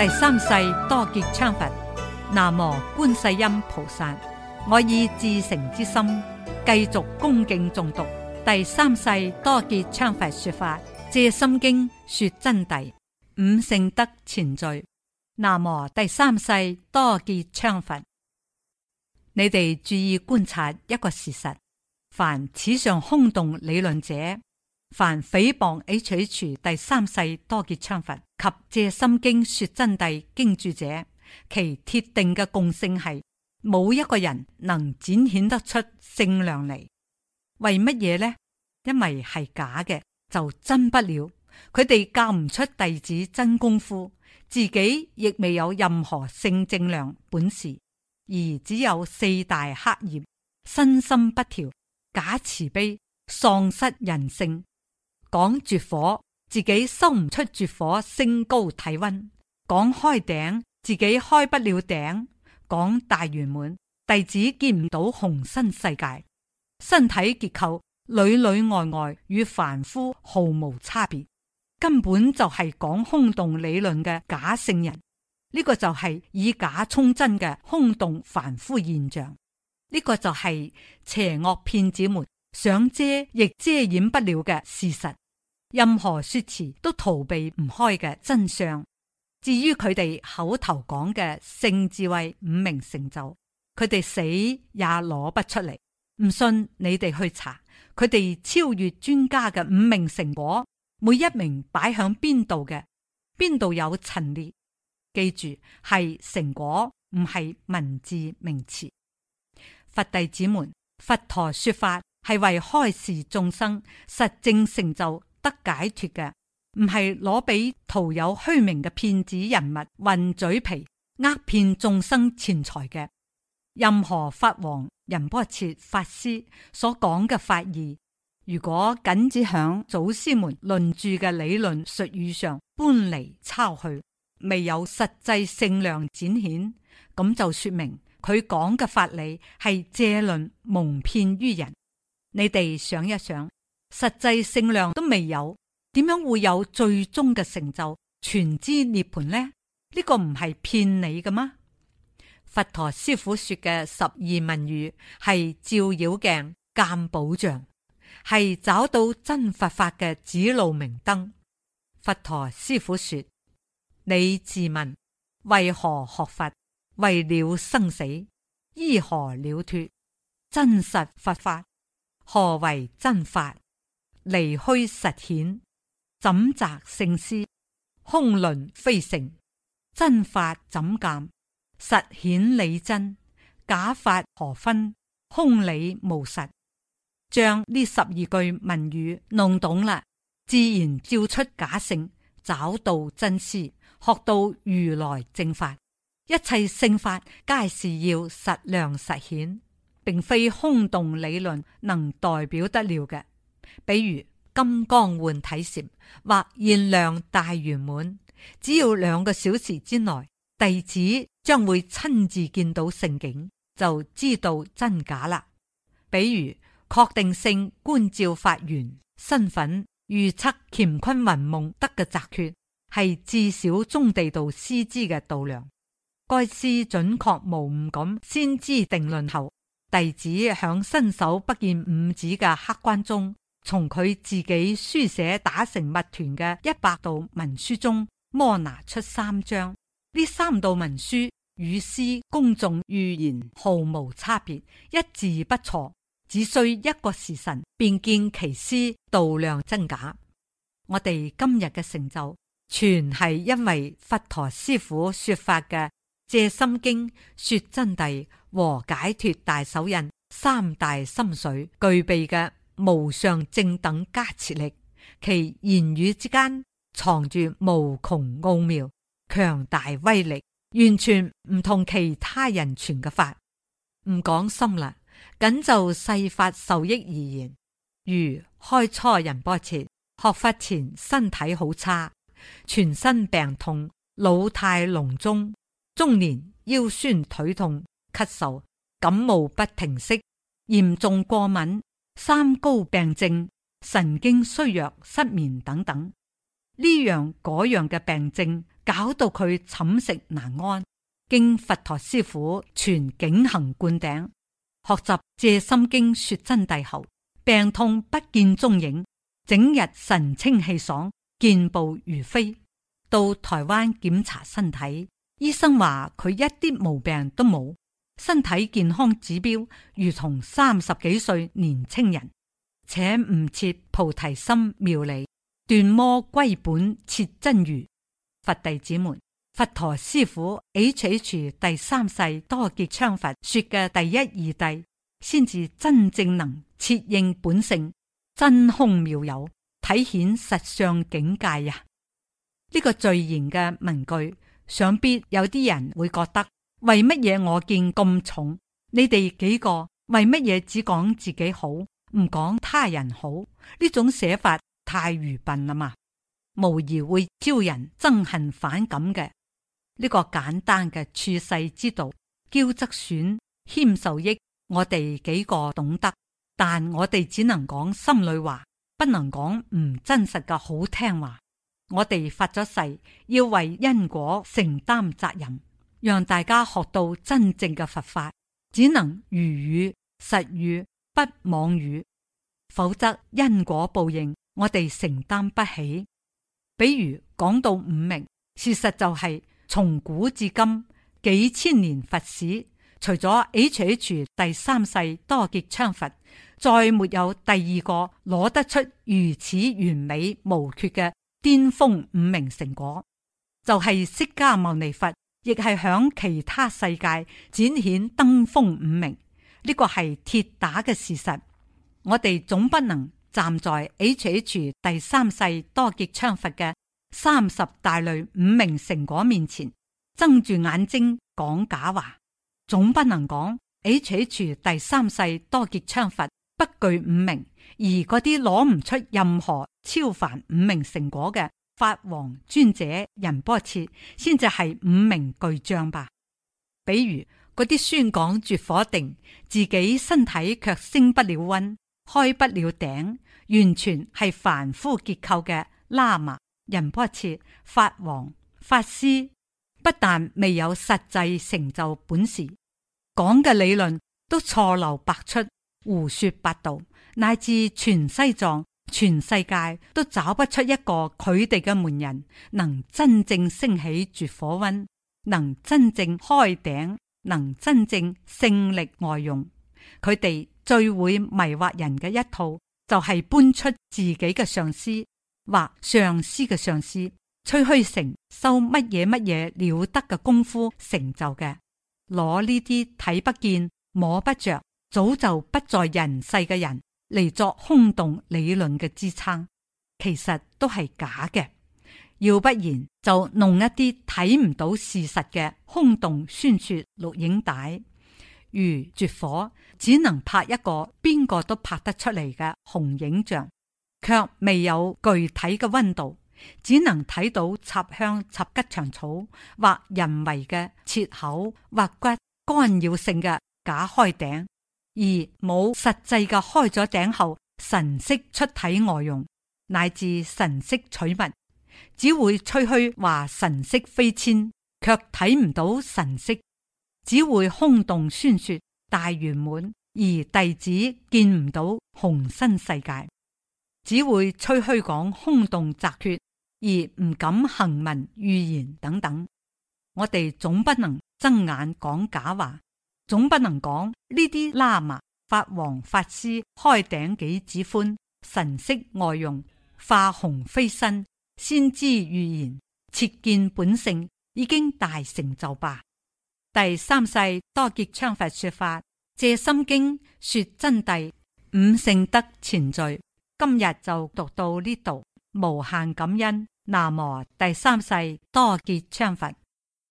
第三世多杰羌佛，南無觀世音菩薩，我以至誠之心繼續恭敬重讀第三世多杰羌佛說法《藉心經》說真諦五聖德前序，南無第三世多杰羌佛。你哋注意觀察一個事實：凡此上空洞理論者。凡誹謗 H.H. 第三世多杰羌佛及借心經說真諦經注者，其鐵定嘅共性係冇一個人能展顯得出聖量嚟。為乜嘢呢？因為係假嘅，就真不了。佢哋教唔出弟子真功夫，自己亦未有任何聖正量本事，而只有四大黑業，身心不調，假慈悲，喪失人性。講絕火，自己收唔出絕火，升高體溫；講開頂，自己開不了頂；講大圓滿，弟子見唔到紅身世界，身體結構裏裏外外與凡夫毫無差別，根本就係講空洞理論嘅假聖人。呢個就係以假充真嘅空洞凡夫現象。呢個就係邪惡騙子們想遮亦遮掩不了嘅事實。任何說辭都逃避唔開嘅真相。至於佢哋口頭講嘅聖智慧五名成就，佢哋死也攞不出嚟。唔信你哋去查，佢哋超越專家嘅五名成果，每一名擺響邊度嘅？邊度有陳列。記住，係成果，唔係文字名詞。佛弟子們，佛陀說法係為開示眾生實證成就。得解脫嘅，唔係攞俾徒有虛名嘅騙子人物混嘴皮、呃騙眾生錢財嘅。任何法王、仁波切、法師所講嘅法義，如果僅只響祖師們論著嘅理論術語上搬嚟抄去，未有實際性量展顯，咁就說明佢講嘅法理係借論蒙騙於人。你哋想一想。實際聖量都未有，點樣會有最終嘅成就、全知涅槃呢？呢、這個唔係騙你嘅嗎？佛陀師父說嘅十二問語係照妖鏡、鑒寶像，係找到真佛法嘅指路明燈。佛陀師父說：你自問為何學佛？為了生死，依何了脫？真實佛法，何為真法？離虛實顯怎擇聖師？空論非成，真法怎鑑？實顯理真，假法何分？空理無實？將呢十二句文語弄懂啦，自然照出假聖，找到真師，學到如來正法。一切聖法皆是要實量實顯，並非空洞理論能代表得了嘅。比如金剛換體禪或現量大圓滿，只要兩個小時之內，弟子將會親自見到聖境，就知道真假啦。比如確定性觀照法緣身份預測乾坤雲霧得嘅擇決，係至少中地道師知嘅度量。該師準確無誤咁先知定論後，弟子響伸手不見五指嘅黑關中，從佢自己書寫打成密團嘅一百道文書中，摸拿出三張。呢三道文書與師公眾預言毫無差別，一字不錯。只需一個時辰，便見其師度量真假。我哋今日嘅成就，全係因為佛陀師傅說法嘅《藉心經》、《說真諦》和《解脫大手印》三大心水具備嘅。無上正等加持力，其言語之間藏住無窮奧妙、強大威力，完全唔同其他人傳嘅法。唔講心啦，僅就世法受益而言，如開初仁波切學法前身體好差，全身病痛，老態龍鍾，中年腰酸腿痛、咳嗽、感冒不停息，嚴重過敏。三高病症、神經衰弱、失眠等等，呢樣嗰樣嘅病症搞到佢寢食難安。經佛陀師傅全景行灌頂，學習《借心經》說真諦後，病痛不見蹤影，整日神清氣爽，健步如飛。到台灣檢查身體，醫生話佢一啲毛病都冇。身體健康指標如同三十幾歲年青人，且悟徹菩提心妙理，斷魔歸本，徹真如。佛弟子們，佛陀師傅 H.H. 第三世多杰羌佛說嘅第一二諦，先至真正能徹應本性真空妙有，體現實相境界呀、啊！呢、這個罪言嘅文句，想必有啲人會覺得。為乜嘢我見咁重？你哋幾個為乜嘢只講自己好，唔講他人好？呢種寫法太愚笨啦嘛，無疑會招人憎恨反感嘅。呢個簡單嘅處世之道，驕則損，謙受益。我哋幾個懂得，但我哋只能講心裏話，不能講唔真實嘅好聽話。我哋發咗誓，要為因果承擔責任。讓大家學到真正嘅佛法，只能如語實語不妄語，否則因果報應我哋承擔不起。比如講到五明，事實就係、是、從古至今幾千年佛史，除咗 H.H. 第三世多杰羌佛，再沒有第二個攞得出如此完美無缺嘅巔峰五明成果，就係、是、釋迦牟尼佛。亦係響其他世界展現登峰五明，呢個係鐵打嘅事實。我哋總不能站在 HH 第三世多杰羌佛嘅三十大類五明成果面前，睜住眼睛講假話，總不能講 HH 第三世多杰羌佛不具五明，而嗰啲攞唔出任何超凡五明成果嘅。法王尊者仁波切先至，係五明巨匠吧。比如嗰啲宣講拙火定，自己身體卻升不了溫，開不了頂，完全係凡夫結構嘅喇嘛、仁波切、法王、法師，不但未有實際成就本事，講嘅理論都錯漏百出，胡說八道，乃至全西藏，全世界都找不出一個佢哋嘅門人能真正升起絕火溫，能真正開頂，能真正勝利外用。佢哋最會迷惑人嘅一套，就係、是、搬出自己嘅上司或上司嘅上司，吹噓成修乜嘢乜嘢了得嘅功夫成就嘅，攞呢啲睇不見摸不着，早就不在人世嘅人。嚟作空洞理論嘅支撐，其實都係假嘅，要不然就弄一啲睇唔到事實嘅空洞宣說錄影帶。如拙火，只能拍一個邊個都拍得出嚟嘅紅影像，卻未有具體嘅溫度，只能睇到插香、插吉祥草或人為嘅切口或骨干擾性嘅假開頂。而冇實際嘅開咗頂後，神識出體外容，乃至神識取物，只會吹噓話神識飛遷，卻睇唔到神識，只會空洞宣說大圓滿，而弟子見唔到虹身世界，只會吹噓講空洞雜缺，而唔敢行文預言等等。我哋總不能睜眼講假話。總不能講呢啲喇嘛、法王、法師開頂幾指寬、神色外用、化虹飛身、先知預言、切見本性，已經大成就吧？第三世多杰羌佛說法，借心經說真諦五聖德前序，今日就讀到呢度，無限感恩，南無第三世多杰羌佛。